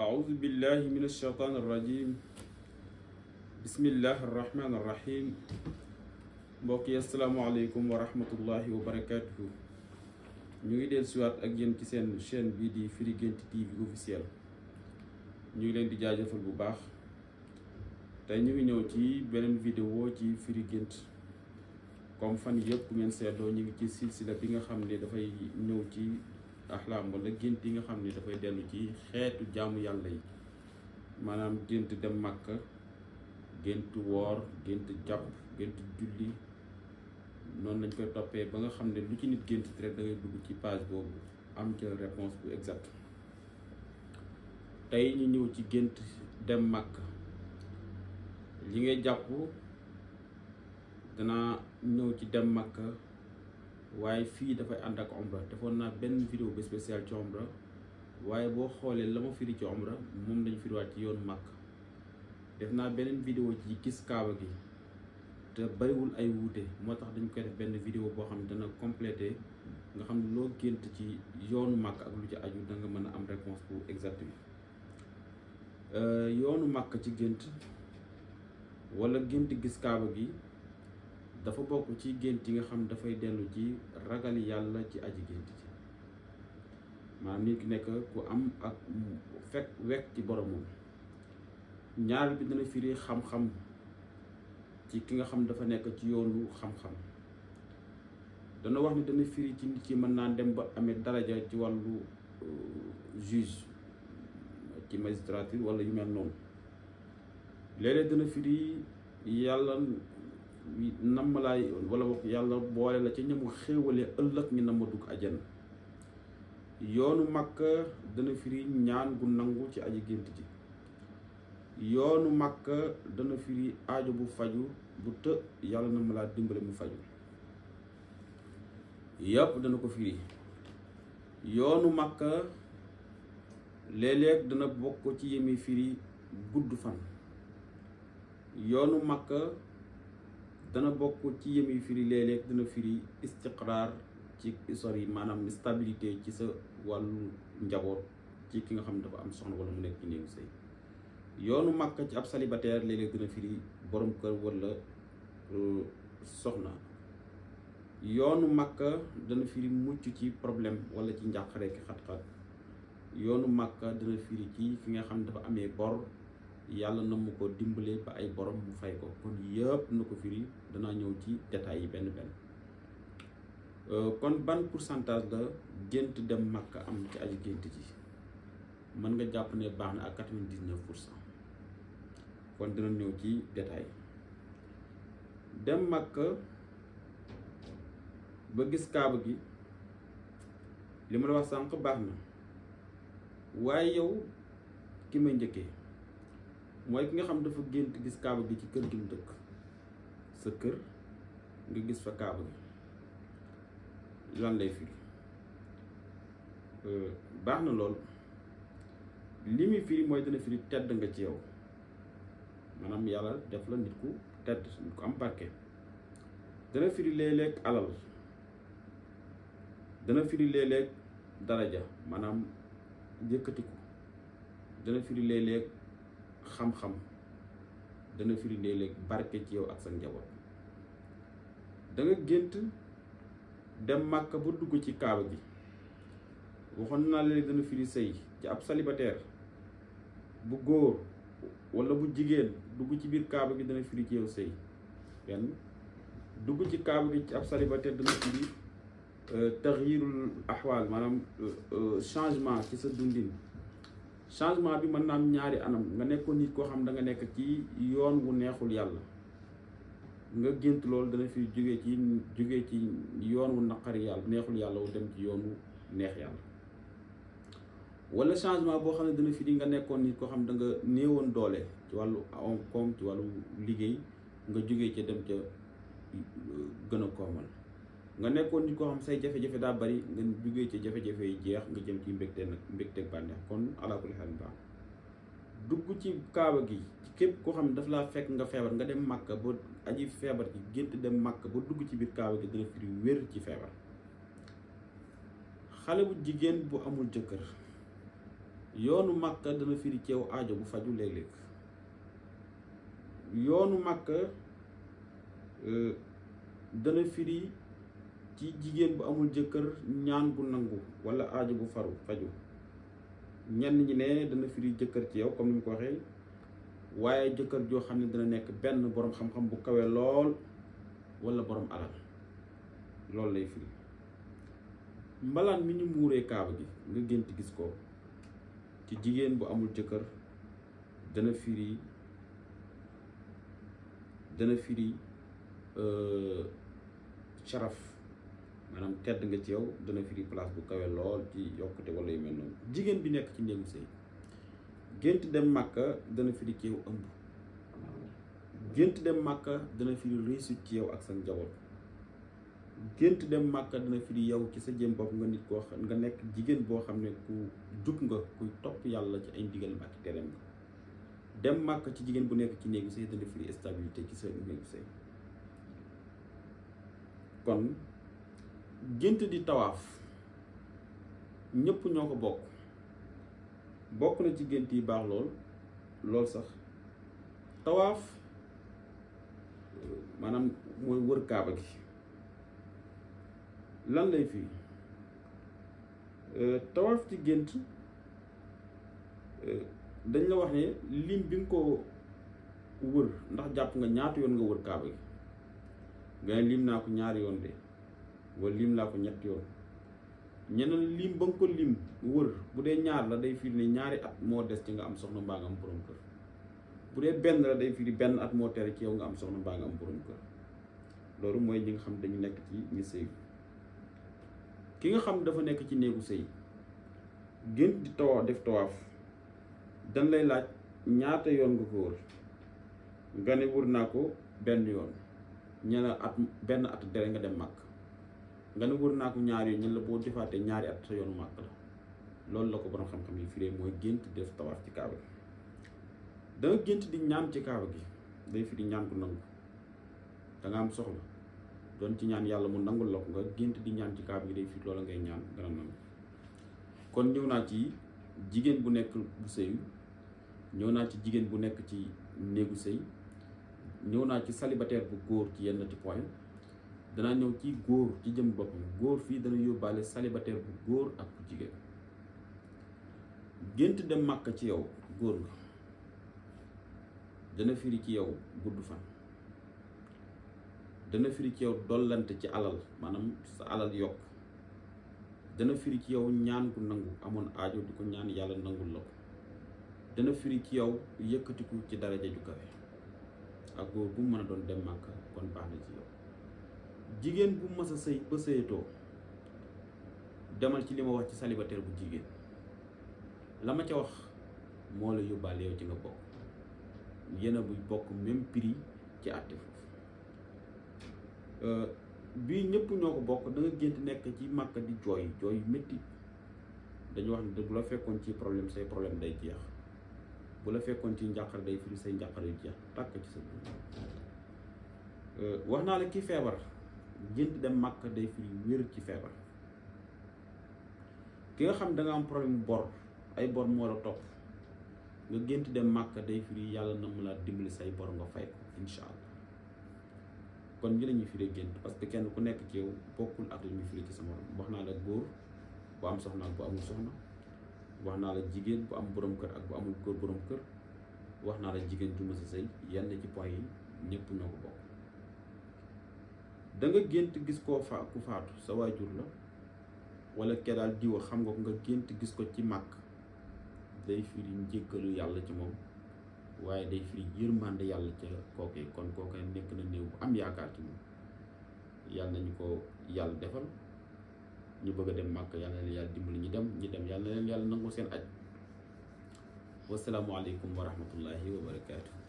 أعوذ بالله من الشيطان الرجيم بسم الله الرحمن الرحيم mbokk yi asalaamaaleykum wa rahmatullahi wa barakaatuhu ñu ngi del siwaat ak yéen ci seen chaîne bii di Firi Guent TV officiel ñu ngi leen di jaajëfal bu baax te ñu ngi ñëw ci beneen vidéo ci Firi Guent comme fan yëpp ngeen seetloo ñu ngi ci silsila bi nga xam ne dafay ñëw ci axlaam wala gént yi nga xam ne dafay dellu ci xeetu jaamu yàlla yi maanaam gént dem màkka gént woor gént jàpp gént julli noonu lañ koy toppee ba nga xam ne lu ci nit gént rek da dugg ci page boobu am ca réponse bu exact tey ñu ñëw ci gént dem màkka li ngay jàpp danaa ñëw ci dem màkka waaye fii dafay ànd ak omra defoon naa benn video bi spécial ci omra waaye boo xoolee la ma firi ci omra moom lañ firiwaat ci yoonu màkk def naa beneen vidéo ci gis kaaba gi te bariwul ay wuute moo tax dañ koy benn video boo xam ne dana complété nga xam ne loo gént ci yoonu màkk ak lu ci aju danga mën a am réponse pour exacte bi euh, yoonu màkk ci gént wala gént gis kaaba gi dafa bokk ci gént yi nga xam dafay dellu ci ragal yàlla ci aji gént ci maanaam nit ki nekk ku am ak fekk wekk ci boromam ñaar bi dana firi xam-xam ci ki nga xam dafa nekk ci yoonu xam-xam dana wax ni dana firi ci nit ki mën naa dem ba amee daraja ci wàllu euh, juge ci magistrature wala yu mel noonu léeg dana firi yàlla namm laay wala yàlla boole la ca ñamu xéewale ëllëg ñu namm dugg ajjan yoonu makk dana firi ñaan gu nangu ci aji gént ji yoonu makk dana firi aajo bu faju bu të yàlla namm laa dimbale mu faju yépp dana ko firi yoonu makk léeg-léeg dana bokk ci yemi firi gudd fan yoonu màkka dana bokkut ci yemi firi léeg-léeg dana firi istiqraar ci isor yi maanaam stabilité ci sa wàllu njaboot ci ki nga xam ne dafa am soxna wala mu nekk ci yoonu màkka ci ab célibataire léeg-léeg dana firi kër wala euh, soxna yoonu màkka dana firi mucc ci problème wala ci njàqare rekk xat-xat yoonu màkka dana firi ci ki nga xam ne dafa amee bor yàlla na mu ko dimbalee ba ay borom mu fay ko kon yëpp na ko firi danaa ñëw ci détails yi benn benn euh, kon ban pourcentage la gént dem màkk am ci aji gént ji mën nga jàpp ne baax na ak quatre-vingt-dix-neuf kon dina ñëw ci détail dem màkk ba gis kaaba gi li ma wax sànq baax na waaye yow ki may njëkke mooy ki nga xam dafa gént gis kaaba gi ci kër gi mu dëkk sa kër nga gis fa kaaba gi lan lay firi euh, baax na lool li muy firi mooy dana firi tedd nga ci yow maanaam yàlla def la nit ku tedd nit ku am barke dana firi léeg-léeg alal dana firi léeg daraja maanaam yëkkatiku dana firi léeg-léeg xam-xam dana firindee léeg barke ci yow ak sa njaboot danga gént dem màkka bu dugg ci kaaba gi waxoon naa leen dana firi sëy ci ab célibataire bu góor wala bu jigéen dugg ci biir kaaba gi dana firi ci yow sëy benn dugg ci kaaba gi ci ab célibataire dana firi euh, taxyirul axwaal maanaam euh, euh, changement ci sa dundin changement bi mën naa am ñaari anam nga nekkoon nit ko xam da nga nekk ci yoon wu neexul yàlla nga gént loolu dana fi jóge ci jóge ci yoon wu naqari yàlla neexul yàlla wu dem ci yoon wu neex yàlla wala changement boo xam ne dana fi di nga nekkoon nit koo xam da nga néewoon doole ci wàllu koom ci wàllu liggéey nga jóge ca dem ca gën a koomal nga nekkoon nit koo xam say jafe-jafe daa bari nga duggee ci jafe-jafe yi jeex nga jëm ci de nag mbégteeg bànneex kon alaakul xel baax dugg ci kaaba gi képp koo xam ne daf laa fekk nga feebar nga dem màkk ba feebar gi gént dem màkk ba dugg ci biir kaaba gi dina firi wér ci feebar xale bu jigéen bu amul jëkkër yoonu màkk dana firi ceew aajo bu faju léeg-léeg yoonu màkk euh, dana firi ci jigéen bu amul jëkkër ñaan bu nangu wala aaju bu faru faju ñenn ñi ne dana firi jëkkër ci yow comme ni mu ko waxee waaye jëkkër joo xam ne dana nekk benn borom xam-xam bu kawee lool walla boroom alal loolu lay firi mbalaan mi ñu muuree kaaba gi nga gént gis ko ci jigéen bu amul jëkkër dana firi dana firi euh, sharaf maanaam tedd nga ci yow dana firi place bu kawe lool ci yokkute wala yu mel noonu jigéen bi nekk ci néegu sëy gént dem màkka dana firi ci yow ëmb gént dem màkka dana firi réussite ak sa njaboot gént dem màkka dana firi yow ci sa jëm nga nit koo xam nga nekk jigéen boo xam ne ku jub nga kuy topp yàlla ci ay ndigalam ak dem màkka ci jigéen bu nekk ci néegu sëy dana firi stabilité néegu sëy kon gént di tawaaf ñëpp ñoo ko bokk bokk na ci gént yi baax lool lool sax tawaaf maanaam mooy wër kaaba gi lan lay fii euh, tawaaf ci gént euh, dañ la wax ne lim bi nga ko wër ndax jàpp nga ñaati yoon nga wër kaaba gi nga lim naa ko ñaari yoon de wala liim laa ko ñett yoon ñeneen lim ba nga ko lim wër bu dee ñaar la day firi ne ñaari at moo des ci nga am soxna mbaa nga am borom kër bu dee benn la day firi benn at moo tere ci yow nga am soxna mbaa nga am borom kër loolu mooy ñi nga xam dañu nekk ci ñi sëy ki nga xam dafa nekk ci néegu sëy gént di def tawaaf dañ lay laaj ñaata yoon nga ko wër nga ne wër naa ko benn yoon ñe at benn at dere nga dem màkk nga ne wër naa ko ñaari yoon ñun la boo defaatee ñaari at sa yoonu màkk la loolu la ko borom xam-xam yi firee mooy gént def tawaaf ci kaaba gi da gént di ñaan ci kaaba gi day fi di ñaan gu nangu am soxla doon ci ñaan yàlla mu nangul la nga gént di ñaan ci kaaba gi day fi ngay ñaan dana nangu kon ñëw naa ci jigéen bu nekk bu sëyu ñëw naa ci jigéen bu nekk ci néegu sëy ñëw naa ci célibataire bu góor ci yenn ci point danaa ñëw ci góor ci jëm boppam góor fii dana yóbbaale célibataire bu góor ak jigéen gént dem màkk ci yow góor nga dana firi ci yow gudd fan dana firi ci yow dollante ci alal maanaam sa alal yokk dana firi ci yow ñaan ku nangu amoon aajo di ko ñaan yàlla nangul la ko dana firi ci yow yëkkatiku ci daraja ju kawe ak góor bu mën a doon dem màkk kon baax na ci yow jigéen bu masa a sëy ba sëyatoo demal ci li ma wax ci célibataire bu jigéen la ma ca wax moo la yóbbaale yow ci nga bokk yéen a buy bokk même prix ci àtte foofu euh, bii ñëpp ñoo ko bokk da nga gént nekk ci màkka di jooy jooy yu métti dañu wax ne bu la fekkoon ci problème say problème day jeex bu la fekkoon ci njàqar day firi say njàqar yu jeex tàkk ci sa dund euh, wax naa la ki feebar gént dem màkk day firi wér ci feebar ki nga xam da am problème bor ay bor moo la topp nga gént dem màkk day firi yàlla na mu laa dimbali say bor nga fay ko incha allah kon ñi lañuy gént parce que kenn ku nekk ci bokkul ak li muy firi ci sa wax naa la góor bu am soxna ak bu amul soxna wax naa la jigéen bu am borom kër ak bu amul góor boroom kër wax naa la jigéen ju ma sa sëy yenn ci point yi ñëpp ñoo ko bokk da gént gis koo fa ku faatu sa la wala ke daal diwa xam nga nga gént gis ko ci màkk day firi njëkkalu yàlla ci moom waaye day firi mànd yàlla ca kookee kon kookee nekk na néew bu am yaakaar ci moom yàlla nañu ko yàlla defal ñu bëgg a dem màkk yàlla na leen yàlla dimbali ñu dem ñu dem yàlla na leen yàlla nangu seen aj wasalaamualeykum wa rahmatullahi wa barakaatu.